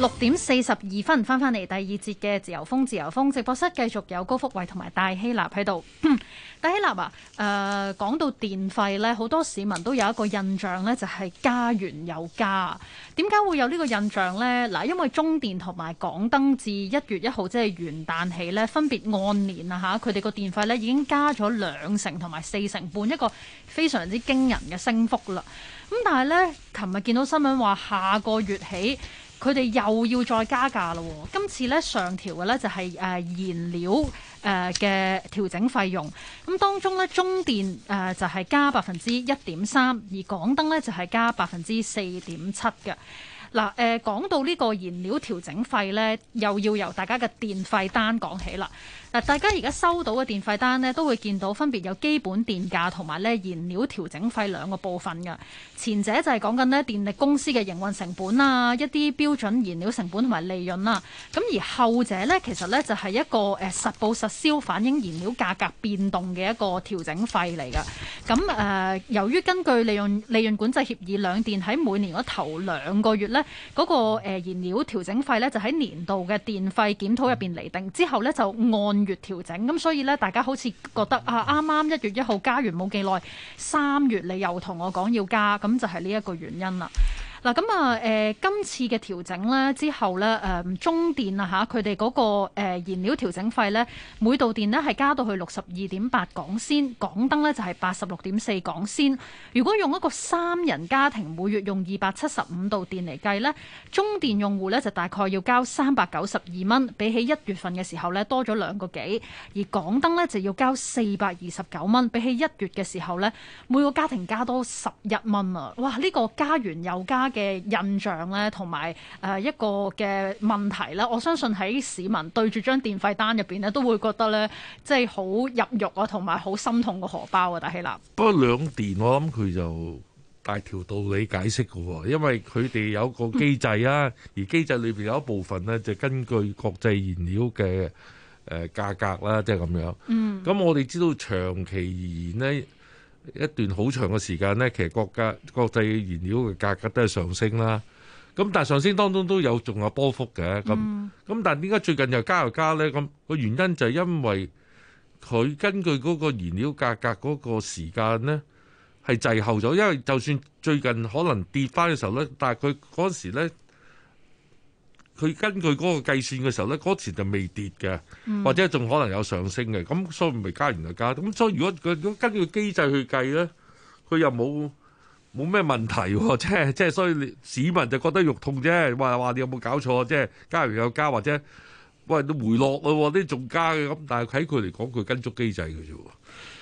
六點四十二分，翻返嚟第二節嘅自由風，自由風直播室繼續有高福慧同埋戴希立喺度。戴 希立啊，誒、呃，講到電費呢，好多市民都有一個印象呢，就係加完又加。點解會有呢個印象呢？嗱，因為中電同埋港燈自一月一號即係元旦起呢，分別按年啊，吓佢哋個電費呢已經加咗兩成同埋四成半，一個非常之驚人嘅升幅啦。咁但係呢，琴日見到新聞話下個月起。佢哋又要再加價咯，今次咧上調嘅咧就係誒燃料誒嘅調整費用，咁當中咧中電誒就係加百分之一點三，而港燈咧就係加百分之四點七嘅。嗱誒，講到呢個燃料調整費咧，又要由大家嘅電費單講起啦。嗱，大家而家收到嘅電費單咧，都會見到分別有基本電價同埋咧燃料調整費兩個部分嘅。前者就係講緊咧電力公司嘅營運成本啊，一啲標準燃料成本同埋利潤啦。咁而後者呢，其實呢就係一個誒實報實銷反映燃料價格變動嘅一個調整費嚟嘅。咁誒，由於根據利用利潤管制協議，兩電喺每年嘅頭兩個月咧，嗰個誒燃料調整費呢就喺年度嘅電費檢討入邊釐定之後呢，就按月調整，咁所以咧，大家好似覺得啊，啱啱一月一號加完冇幾耐，三月你又同我講要加，咁就係呢一個原因啦。嗱咁啊，誒，今次嘅調整咧之後咧，誒，中電啊吓，佢哋嗰個誒燃料調整費咧，每度電咧係加到去六十二點八港仙，港燈咧就係八十六點四港仙。如果用一個三人家庭每月用二百七十五度電嚟計咧，中電用戶咧就大概要交三百九十二蚊，比起一月份嘅時候咧多咗兩個幾，而港燈咧就要交四百二十九蚊，比起一月嘅時候咧每個家庭加多十一蚊啊！哇，呢個加完又加。嘅印象咧，同埋誒一個嘅問題咧，我相信喺市民對住張電費單入邊咧，都會覺得咧，即係好入肉啊，同埋好心痛個荷包啊！但係啦，不過兩電我諗佢就大條道理解釋嘅喎，因為佢哋有個機制啊，嗯、而機制裏邊有一部分咧，就根據國際燃料嘅誒、呃、價格啦，即係咁樣。嗯，咁我哋知道長期而言咧。一段好長嘅時間呢，其實國家國際燃料嘅價格都係上升啦。咁但係上升當中都有仲有波幅嘅。咁咁、嗯、但係點解最近又加又加呢？咁個原因就係因為佢根據嗰個燃料價格嗰個時間呢係滯後咗，因為就算最近可能跌翻嘅時,時候呢，但係佢嗰時呢。佢根據嗰個計算嘅時候咧，嗰陣就未跌嘅，或者仲可能有上升嘅，咁所以咪加完就加。咁所以如果佢如果根據機制去計咧，佢又冇冇咩問題喎？即係即係，所以市民就覺得肉痛啫。話話你有冇搞錯？即係加完又加，或者喂都回落喇？啲仲加嘅咁，但係喺佢嚟講，佢跟足機制嘅啫喎。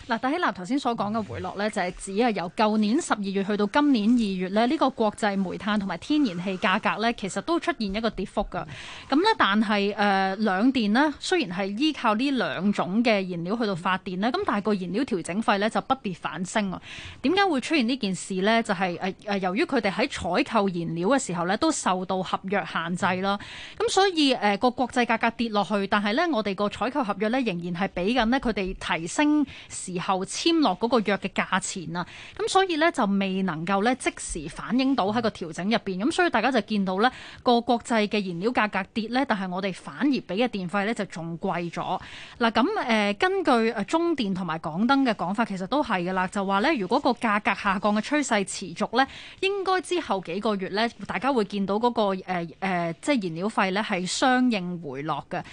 嗱，戴希立頭先所講嘅回落咧，就係指係由舊年十二月去到今年二月咧，呢、這個國際煤炭同埋天然氣價格咧，其實都出現一個跌幅㗎。咁咧，但係誒、呃、兩電呢，雖然係依靠呢兩種嘅燃料去到發電咧，咁但係個燃料調整費咧就不跌反升啊。點解會出現呢件事咧？就係誒誒，由於佢哋喺採購燃料嘅時候咧，都受到合約限制啦。咁所以誒個、呃、國際價格跌落去，但係咧我哋個採購合約咧仍然係俾緊呢，佢哋提升時。然後簽落嗰個約嘅價錢啊，咁所以咧就未能夠咧即時反映到喺個調整入邊，咁所以大家就見到咧個國際嘅燃料價格跌咧，但係我哋反而俾嘅電費咧就仲貴咗。嗱咁誒，根據誒中電同埋港燈嘅講法，其實都係嘅啦，就話咧如果個價格下降嘅趨勢持續咧，應該之後幾個月咧，大家會見到嗰個誒誒，即係燃料費咧係相應回落嘅。咁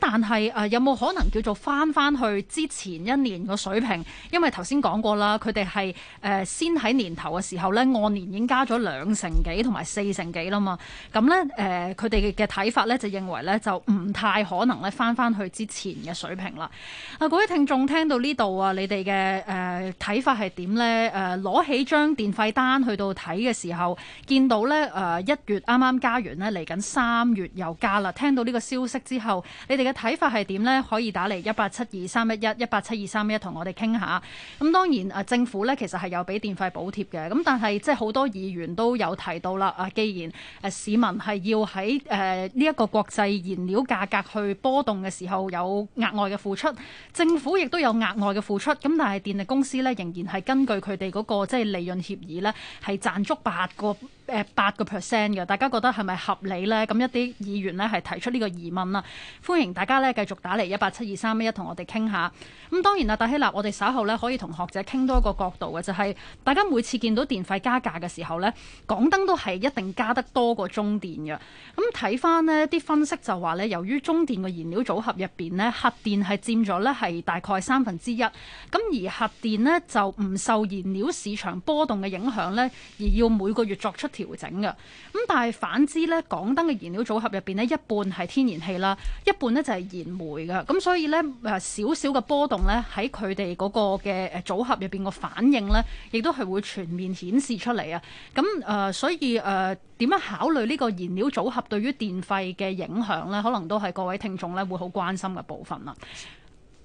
但係誒有冇可能叫做翻翻去之前一年個水平？因為頭先講過啦，佢哋係誒先喺年頭嘅時候呢，按年已經加咗兩成幾同埋四成幾啦嘛。咁呢，誒，佢哋嘅睇法呢，就認為呢，就唔太可能咧翻翻去之前嘅水平啦。啊，各位聽眾聽到呢度啊，你哋嘅誒睇法係點呢？誒，攞起張電費單去到睇嘅時候，見到呢誒一月啱啱加完咧，嚟緊三月又加啦。聽到呢個消息之後，你哋嘅睇法係點呢？可以打嚟一八七二三一一一八七二三一同我哋傾下。咁當然啊，政府咧其實係有俾電費補貼嘅，咁但係即係好多議員都有提到啦。啊，既然誒市民係要喺誒呢一個國際燃料價格去波動嘅時候有額外嘅付出，政府亦都有額外嘅付出，咁但係電力公司呢仍然係根據佢哋嗰個即係利潤協議呢係賺足八個誒八個 percent 嘅。大家覺得係咪合理呢？咁一啲議員呢係提出呢個疑問啦，歡迎大家呢繼續打嚟一八七二三一一同我哋傾下。咁當然啦，戴希立，我哋。稍後咧可以同學者傾多一個角度嘅，就係大家每次見到電費加價嘅時候呢，港燈都係一定加得多過中電嘅。咁睇返呢啲分析就話呢由於中電嘅燃料組合入邊呢核電係佔咗呢係大概三分之一。咁而核電呢就唔受燃料市場波動嘅影響呢，而要每個月作出調整嘅。咁但係反之呢，港燈嘅燃料組合入邊呢，一半係天然氣啦，一半呢就係燃煤嘅。咁所以呢，誒少少嘅波動呢，喺佢哋。嗰個嘅，誒組合入邊個反應咧，亦都係會全面顯示出嚟啊。咁誒，所以誒，點樣考慮呢個燃料組合對於電費嘅影響咧？可能都係各位聽眾咧會好關心嘅部分啦。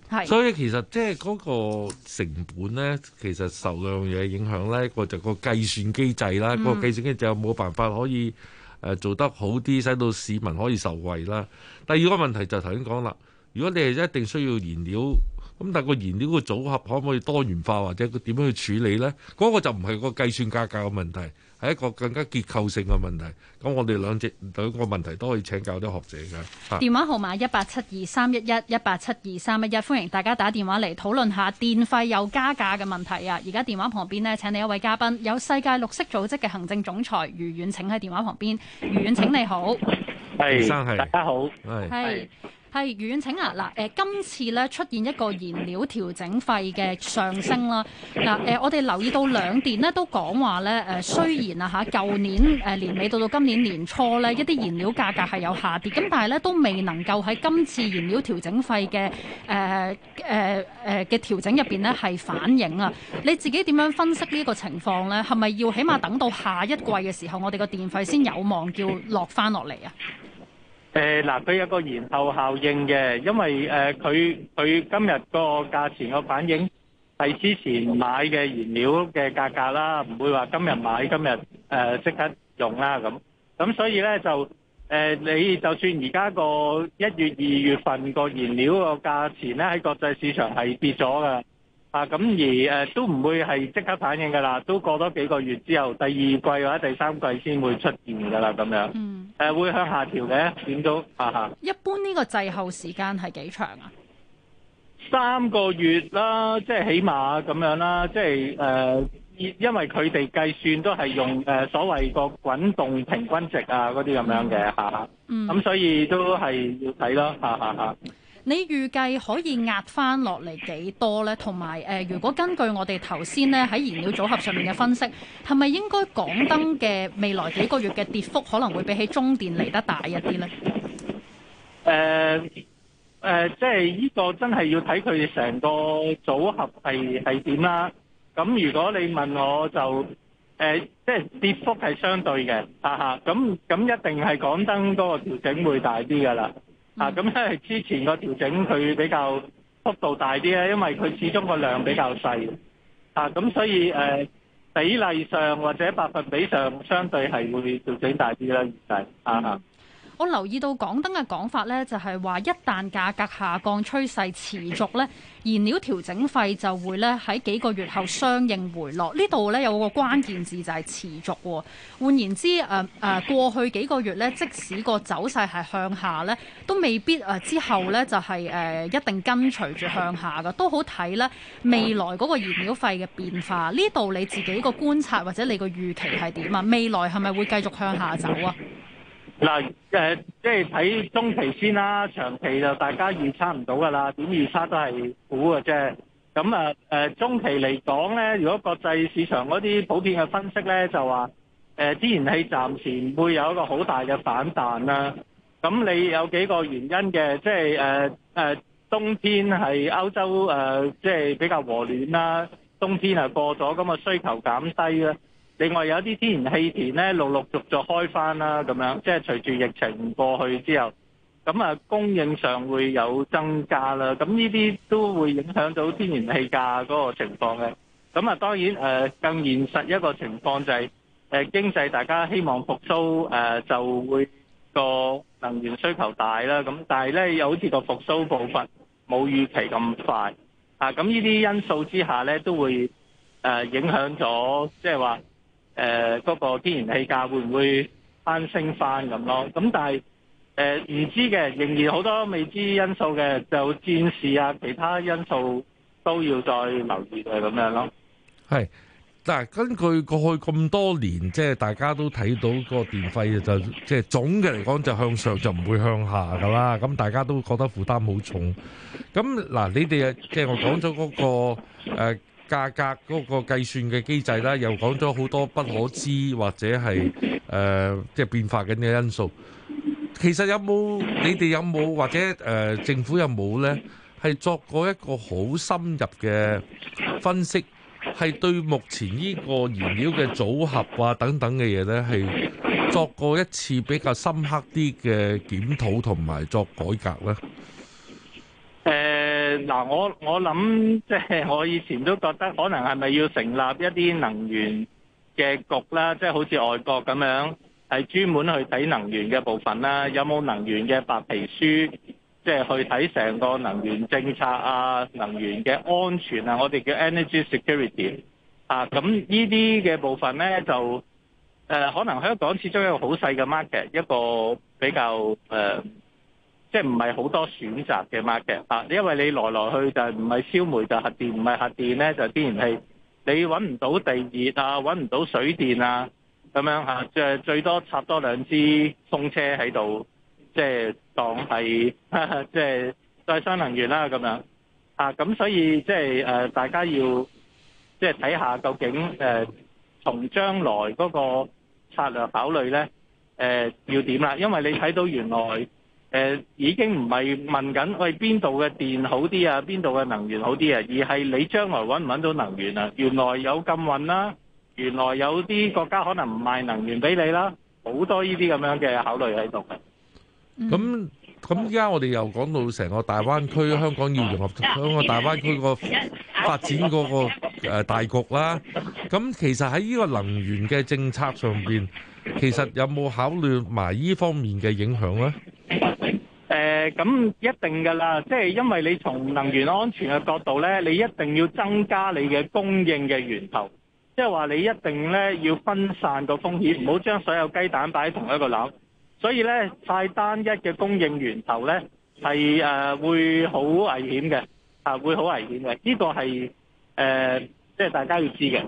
係，所以其實即係嗰個成本咧，其實受兩樣嘢影響咧，一個就個計算機制啦，個計算機制有冇辦法可以誒做得好啲，使到市民可以受惠啦。第二個問題就係頭先講啦，如果你係一定需要燃料，咁但係個燃料個組合可唔可以多元化，或者佢點樣去處理呢？嗰個就唔係個計算價格嘅問題，係一個更加結構性嘅問題。咁我哋兩隻個問題都可以請教啲學者嘅。電話號碼一八七二三一一一八七二三一一，歡迎大家打電話嚟討論下電費又加價嘅問題啊！而家電話旁邊呢，請你一位嘉賓，有世界綠色組織嘅行政總裁余遠騁喺電話旁邊。余遠騁，你好。係，大家好。係。係，余遠騁啊！嗱，誒，今次咧出現一個燃料調整費嘅上升啦。嗱，誒，我哋留意到兩電咧都講話咧，誒、呃，雖然啊嚇，舊年誒、呃、年尾到到今年年初咧，一啲燃料價格係有下跌的，咁但係咧都未能夠喺今次燃料調整費嘅誒誒誒嘅調整入邊咧係反映啊。你自己點樣分析呢個情況咧？係咪要起碼等到下一季嘅時候，我哋個電費先有望叫落返落嚟啊？誒、呃，嗱，佢有一個延後效應嘅，因為誒，佢、呃、佢今日個價錢個反應係之前買嘅燃料嘅價格啦，唔會話今日買今日誒即刻用啦咁，咁所以咧就誒、呃，你就算而家個一月二月份個燃料個價錢咧喺國際市場係跌咗噶，啊咁而誒、呃、都唔會係即刻反應噶啦，都過多幾個月之後，第二季或者第三季先會出現噶啦，咁樣。嗯誒，會向下調嘅點都啊啊！一般呢個滯後時間係幾長啊？三個月啦，即係起碼咁樣啦，即係誒、呃，因為佢哋計算都係用誒、呃、所謂個滾動平均值啊，嗰啲咁樣嘅吓、啊。嗯。咁、嗯、所以都係要睇啦，吓吓吓。啊啊你預計可以壓翻落嚟幾多呢？同埋、呃、如果根據我哋頭先咧喺燃料組合上面嘅分析，係咪應該港燈嘅未來幾個月嘅跌幅可能會比起中電嚟得大一啲呢？誒、呃呃、即係呢個真係要睇佢哋成個組合係係點啦。咁如果你問我就誒、呃，即係跌幅係相對嘅，哈哈。咁咁一定係港燈嗰個調整會大啲噶啦。啊，咁因為之前個調整佢比較幅度大啲咧，因為佢始終個量比較細，啊，咁所以誒、呃、比例上或者百分比上，相對係會調整大啲啦，而係啊。我留意到港燈嘅講法呢，就係、是、話一旦價格下降趨勢持續呢，燃料調整費就會呢喺幾個月後相應回落。呢度呢，有個關鍵字就係持續、哦。換言之，誒、啊、誒、啊、過去幾個月呢，即使個走勢係向下呢，都未必誒、啊、之後呢，就係、是、誒、啊、一定跟隨住向下㗎。都好睇呢，未來嗰個燃料費嘅變化。呢度你自己個觀察或者你個預期係點啊？未來係咪會繼續向下走啊？嗱、啊，即係睇中期先啦，長期就大家預測唔到㗎啦，點預測都係估嘅啫。咁啊、呃，中期嚟講咧，如果國際市場嗰啲普遍嘅分析咧，就話誒，啲、呃、天然氣暫時唔會有一個好大嘅反彈啦、啊。咁你有幾個原因嘅，即係誒、呃、冬天係歐洲誒、呃，即係比較和暖啦、啊，冬天係過咗，咁啊需求減低啦、啊。另外有啲天然氣田咧陸,陸陸續續開返啦，咁樣即係隨住疫情過去之後，咁啊供應上會有增加啦。咁呢啲都會影響到天然氣價嗰個情況嘅。咁啊當然誒、呃、更現實一個情況就係、是、誒經濟大家希望復甦誒、呃、就會個能源需求大啦。咁但係咧又好似個復甦步伐冇預期咁快啊。咁呢啲因素之下咧都會誒、呃、影響咗，即係話。誒、呃、嗰、那個天然氣價會唔會攀升翻咁咯？咁但係誒唔知嘅，仍然好多未知因素嘅，就戰事啊，其他因素都要再留意嘅咁、就是、樣咯。係，嗱，根據過去咁多年，即係大家都睇到個電費就即係、就是、總嘅嚟講就向上，就唔會向下噶啦。咁大家都覺得負擔好重。咁嗱，你哋啊，即係我講咗嗰、那個、呃價格嗰個計算嘅機制啦，又講咗好多不可知或者係誒即係變化緊嘅因素。其實有冇你哋有冇或者誒、呃、政府有冇呢？係作過一個好深入嘅分析，係對目前呢個燃料嘅組合啊等等嘅嘢呢，係作過一次比較深刻啲嘅檢討同埋作改革呢？嗱、啊，我我諗即係我以前都覺得可能係咪要成立一啲能源嘅局啦，即、就、係、是、好似外國咁樣，係專門去睇能源嘅部分啦。有冇能源嘅白皮書，即、就、係、是、去睇成個能源政策啊、能源嘅安全啊，我哋叫 energy security 啊。咁呢啲嘅部分咧，就誒、呃、可能香港始終一個好細嘅 market，一個比較誒。呃即係唔係好多選擇嘅 mark 嘅嚇，因為你來來去就係唔係燒煤就係核電，唔係核電咧就天然氣，你揾唔到地熱啊，揾唔到水電啊，咁樣嚇，即係最多插多兩支風車喺度，即係當係即係再生能源啦咁樣嚇，咁、啊、所以即係誒大家要即係睇下究竟誒、呃、從將來嗰個策略考慮咧誒要點啦，因為你睇到原來。誒，已經唔係問緊喂邊度嘅電好啲啊，邊度嘅能源好啲啊，而係你將來搵唔搵到能源啊？原來有禁運啦，原來有啲國家可能唔賣能源俾你啦，好多呢啲咁樣嘅考慮喺度嘅。咁咁，依家我哋又講到成個大灣區，香港要融合成個大灣區個發展嗰個誒大局啦。咁其實喺呢個能源嘅政策上邊，其實有冇考慮埋呢方面嘅影響咧？咁一定㗎喇，即係因為你從能源安全嘅角度呢，你一定要增加你嘅供應嘅源頭，即係話你一定呢要分散個風險，唔好將所有雞蛋擺喺同一個籃。所以呢太單一嘅供應源頭呢係誒會好危險嘅，啊會好危險嘅。呢個係誒即係大家要知嘅。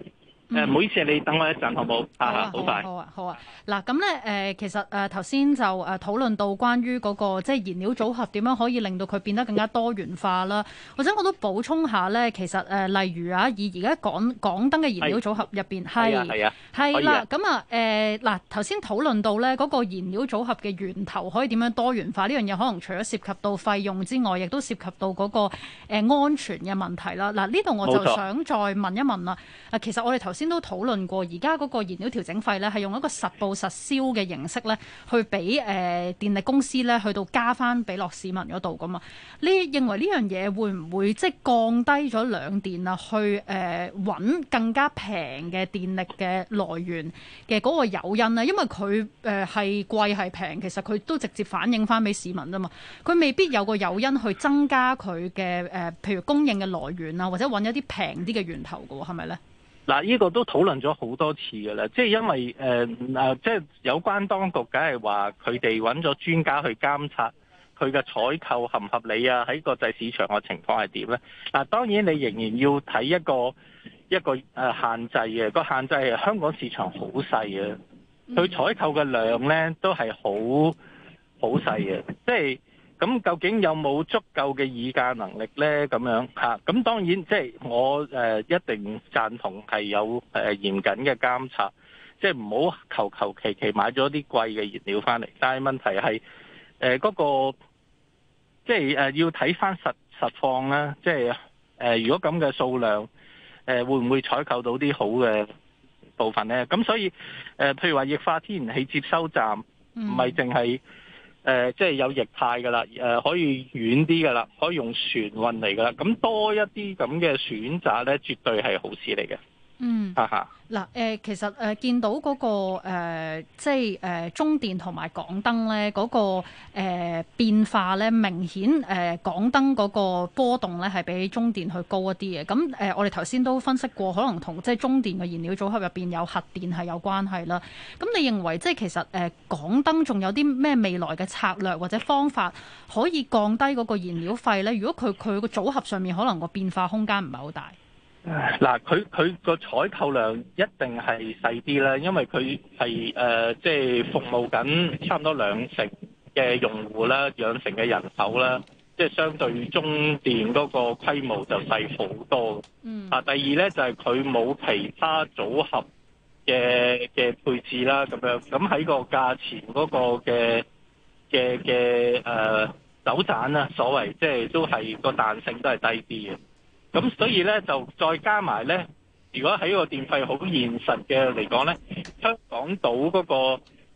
誒、嗯、唔好意思，你等我一陣好唔好？好、啊、快。好啊，好啊。嗱咁咧，其實誒頭先就誒討論到關於嗰、那個即係、就是、燃料組合點樣可以令到佢變得更加多元化啦。或者我都補充下咧，其實、啊、例如啊，以而家講講港燈嘅燃料組合入邊係係啦，咁啊誒嗱頭先討論到咧嗰個燃料組合嘅源頭可以點樣多元化呢樣嘢，這個、東西可能除咗涉及到費用之外，亦都涉及到嗰、那個、啊、安全嘅問題啦。嗱呢度我就想再問一問啦、啊。其實我哋頭。先都討論過，而家嗰個燃料調整費咧，係用一個實報實銷嘅形式咧，去俾誒電力公司咧，去到加翻俾落市民嗰度噶嘛？你認為呢樣嘢會唔會即係降低咗兩電啊？去誒揾更加平嘅電力嘅來源嘅嗰個誘因啊？因為佢誒係貴係平，其實佢都直接反映翻俾市民啫嘛。佢未必有個誘因去增加佢嘅誒，譬如供應嘅來源啊，或者揾一啲平啲嘅源頭噶喎，係咪咧？嗱，呢個都討論咗好多次㗎啦，即係因為誒，嗱、呃，即係有關當局，梗係話佢哋揾咗專家去監察佢嘅採購合唔合理啊，喺國際市場嘅情況係點咧？嗱，當然你仍然要睇一個一個限制嘅，個限制係香港市場好細嘅，佢採購嘅量咧都係好好細嘅，即係。咁究竟有冇足夠嘅議價能力呢？咁樣吓，咁當然即係、就是、我、呃、一定贊同係有、呃、嚴謹嘅監察，即係唔好求求其其買咗啲貴嘅燃料翻嚟。但係問題係嗰、呃嗰個即係、就是、要睇翻實實況啦。即、就、係、是呃、如果咁嘅數量、呃、會唔會採購到啲好嘅部分呢？咁所以誒、呃，譬如話液化天然氣接收站唔係淨係。嗯誒、呃，即係有液態嘅啦，誒、呃，可以遠啲嘅啦，可以用船運嚟嘅啦，咁多一啲咁嘅選擇咧，絕對係好事嚟嘅。嗯，嗱，誒，其實誒，見到嗰個誒，即係誒，中電同埋港燈咧，嗰個誒變化咧，明顯誒，港燈嗰個波動咧，係比中電去高一啲嘅。咁誒，我哋頭先都分析過，可能同即係中電嘅燃料組合入邊有核電係有關係啦。咁你認為即係其實誒，港燈仲有啲咩未來嘅策略或者方法可以降低嗰個燃料費咧？如果佢佢個組合上面可能個變化空間唔係好大？嗱，佢佢個採購量一定係細啲啦，因為佢係誒即係服務緊差唔多兩成嘅用戶啦，兩成嘅人手啦，即係相對於中電嗰個規模就細好多。嗯。啊，第二咧就係佢冇其他組合嘅嘅配置啦，咁樣咁喺個價錢嗰個嘅嘅嘅誒走盞啦，所謂即係都係個彈性都係低啲嘅。咁所以咧就再加埋咧，如果喺個電費好現實嘅嚟講咧，香港島嗰、那個、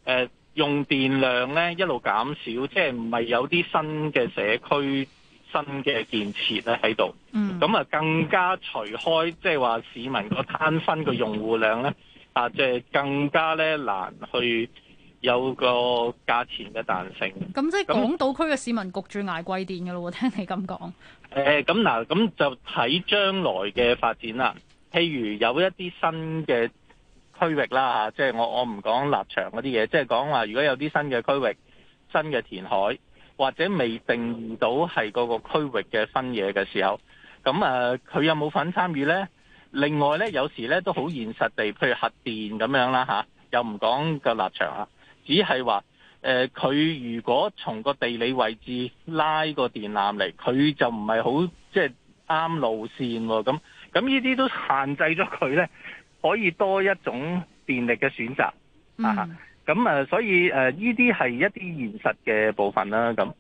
呃、用電量咧一路減少，即係唔係有啲新嘅社區、新嘅建設咧喺度？嗯，咁啊更加除開即係話市民個攤分個用戶量咧，啊即係、就是、更加咧難去。有個價錢嘅彈性。咁即係港島區嘅市民焗住捱貴電嘅咯喎，聽你咁講。誒，咁嗱，咁就睇將來嘅發展啦。譬如有一啲新嘅區域啦，嚇，即係我我唔講立場嗰啲嘢，即係講話如果有啲新嘅區域、新嘅填海或者未定義到係嗰個區域嘅新嘢嘅時候，咁誒佢有冇份參與呢？另外呢，有時呢都好現實地，譬如核電咁樣啦，嚇，又唔講個立場啊。只係話，誒、呃、佢如果從個地理位置拉個電纜嚟，佢就唔係好即係啱路線喎。咁咁呢啲都限制咗佢咧，可以多一種電力嘅選擇、嗯、啊。咁啊，所以誒呢啲係一啲現實嘅部分啦。咁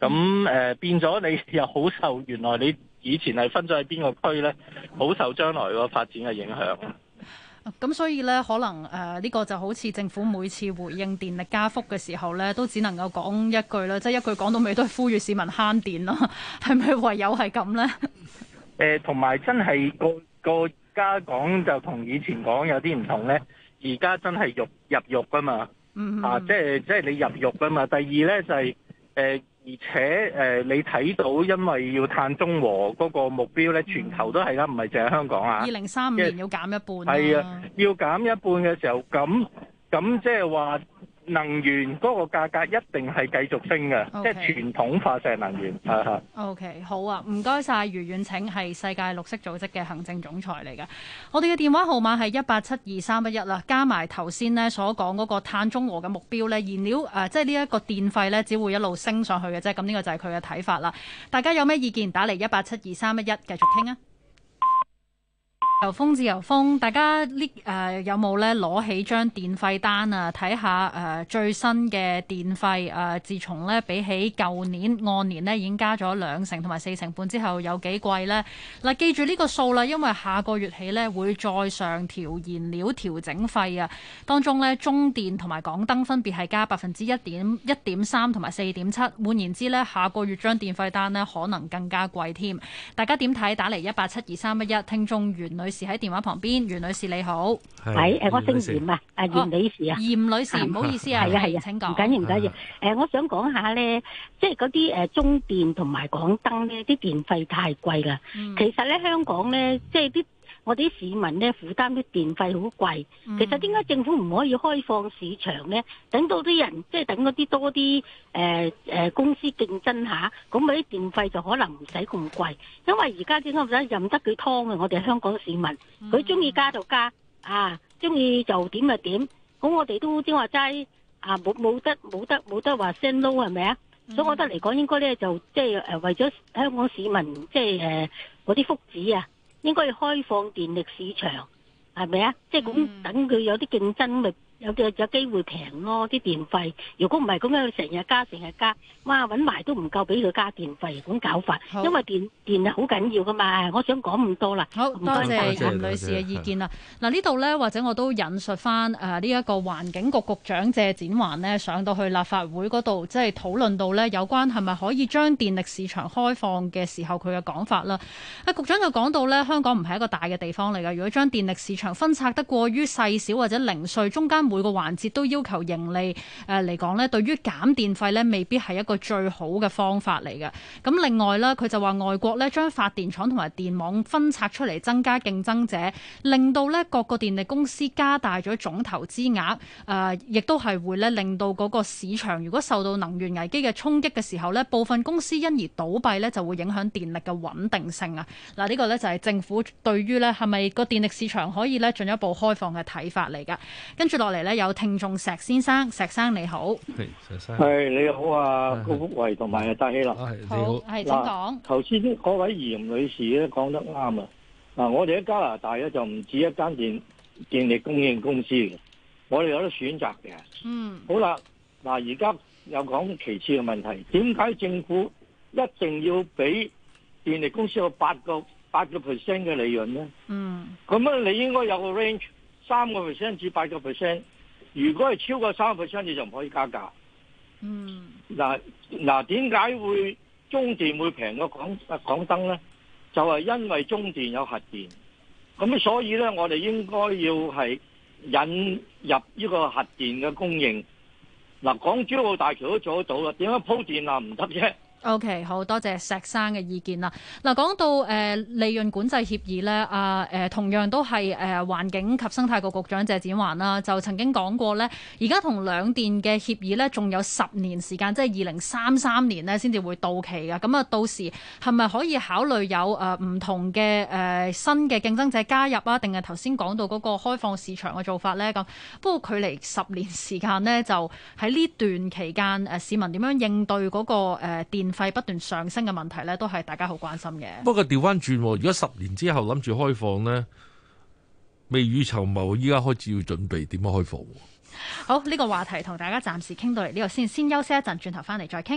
咁、呃、變咗你又好受，原來你以前係分咗喺邊個區咧，好受將來個發展嘅影響。咁所以咧，可能誒呢、呃呢個就好似政府每次回應電力加幅嘅時候咧，都只能夠講一句啦，即係一句講到尾都係呼籲市民慳電咯，係咪唯有係咁咧？誒、呃，同埋真係個，個家加講就同以前講有啲唔同咧，而家真係入入肉㗎嘛，嗯，嗯，啊，即係即係你入肉㗎嘛。第二咧就係、是呃而且誒、呃，你睇到因為要碳中和嗰個目標咧，全球都係啦、啊，唔係淨係香港啊！二零三五年要減一半，啊，係啊，要減一半嘅時候，咁咁即係話。能源嗰個價格一定係繼續升嘅，okay. 即係傳統化石能源。o、okay, k 好啊，唔該晒。余遠騁係世界綠色組織嘅行政總裁嚟嘅。我哋嘅電話號碼係一八七二三一一啦，加埋頭先呢所講嗰個碳中和嘅目標呢，燃料誒，即係呢一個電費呢，只會一路升上去嘅啫。咁呢個就係佢嘅睇法啦。大家有咩意見？打嚟一八七二三一一，繼續傾啊！自由風，自由風，大家呢誒、呃、有冇攞起張電費單啊？睇下誒最新嘅電費誒、呃，自從呢比起舊年按年呢已經加咗兩成同埋四成半之後，有幾貴呢？嗱、呃，記住呢個數啦，因為下個月起呢會再上調燃料調整費啊。當中呢中電同埋港燈分別係加百分之一點一點三同埋四點七。換言之呢下個月張電費單呢可能更加貴添。大家點睇？打嚟一八七二三一一，聽眾原理女士喺電話旁邊，袁女士你好，係，誒，我姓嚴啊，嚴女士，啊，嚴女士，唔好意思啊，係啊係啊，請講，唔緊要唔緊要，誒、啊啊啊啊啊啊啊呃，我想講下咧，即係嗰啲誒中電同埋港燈咧，啲電費太貴啦，嗯，其實咧香港咧，即係啲。我啲市民咧負擔啲電費好貴，其實點解政府唔可以開放市場咧？等到啲人即係等嗰啲多啲誒、呃、公司競爭下，咁啊啲電費就可能唔使咁貴。因為而家點解唔使任得佢劏嘅？我哋香港市民，佢中意加就加啊，中意就點就點。咁我哋都即係話齋啊，冇冇得冇得冇得話 say no 係咪啊？所以我覺得嚟講應該咧就即係誒為咗香港市民即係誒嗰啲福祉啊。應該要開放電力市場，係咪啊？即係咁等佢有啲競爭力。有機會機會平咯啲電費，如果唔係咁樣，佢成日加成日加，哇揾埋都唔夠俾佢加電費，咁搞法，因為電電好緊要㗎嘛。我想講咁多啦，好多謝陳女士嘅意見啦。嗱呢度呢，或者我都引述返誒呢一個環境局局長謝展寰呢，上到去立法會嗰度，即係討論到呢有關係咪可以將電力市場開放嘅時候佢嘅講法啦。啊，局長就講到呢，香港唔係一個大嘅地方嚟㗎，如果將電力市場分拆得過於細小或者零碎，中間。每個環節都要求盈利，誒嚟講咧，對於減電費咧，未必係一個最好嘅方法嚟嘅。咁另外咧，佢就話外國咧，將發電廠同埋電網分拆出嚟，增加競爭者，令到咧各個電力公司加大咗總投資額，誒、呃，亦都係會咧令到嗰個市場，如果受到能源危機嘅衝擊嘅時候咧，部分公司因而倒閉咧，就會影響電力嘅穩定性啊。嗱、呃，呢、呢個呢就係政府對於咧係咪個電力市場可以咧進一步開放嘅睇法嚟㗎。跟住落嚟。咧有聽眾石先生，石生你好，石生係你好啊，啊高福慧同埋阿德希樂、啊，你好，係，請講。頭先嗰位嚴女士咧講得啱啊！嗱，我哋喺加拿大咧就唔止一間電電力供應公司嘅，我哋有得選擇嘅。嗯，好啦，嗱、啊，而家又講其次嘅問題，點解政府一定要俾電力公司有八個八個 percent 嘅利潤咧？嗯，咁啊，你應該有個 range。三個 percent 至八個 percent，如果係超過三個 percent 你就唔可以加價。嗯，嗱嗱點解會中電會平過廣啊廣燈咧？就係因為中電有核電，咁所以咧我哋應該要係引入呢個核電嘅供應。嗱，港珠澳大橋都做得到啦，點解鋪電纜唔得啫？O.K. 好多謝石生嘅意見啦。嗱，講到誒利潤管制協議呢，阿、呃、誒同樣都係誒、呃、環境及生態局局長謝展環啦、啊，就曾經講過呢，而家同兩電嘅協議呢，仲有十年時間，即係二零三三年呢，先至會到期㗎。咁啊，到時係咪可以考慮有誒唔同嘅誒、呃、新嘅競爭者加入啊？定係頭先講到嗰個開放市場嘅做法呢？咁不過距離十年時間呢，就喺呢段期間，誒、呃、市民點樣應對嗰、那個誒電？呃費不斷上升嘅問題咧，都係大家好關心嘅。不過調翻轉，如果十年之後諗住開放咧，未雨綢繆，依家開始要準備點樣開放。好，呢個話題同大家暫時傾到嚟呢度先，先休息一陣，轉頭翻嚟再傾。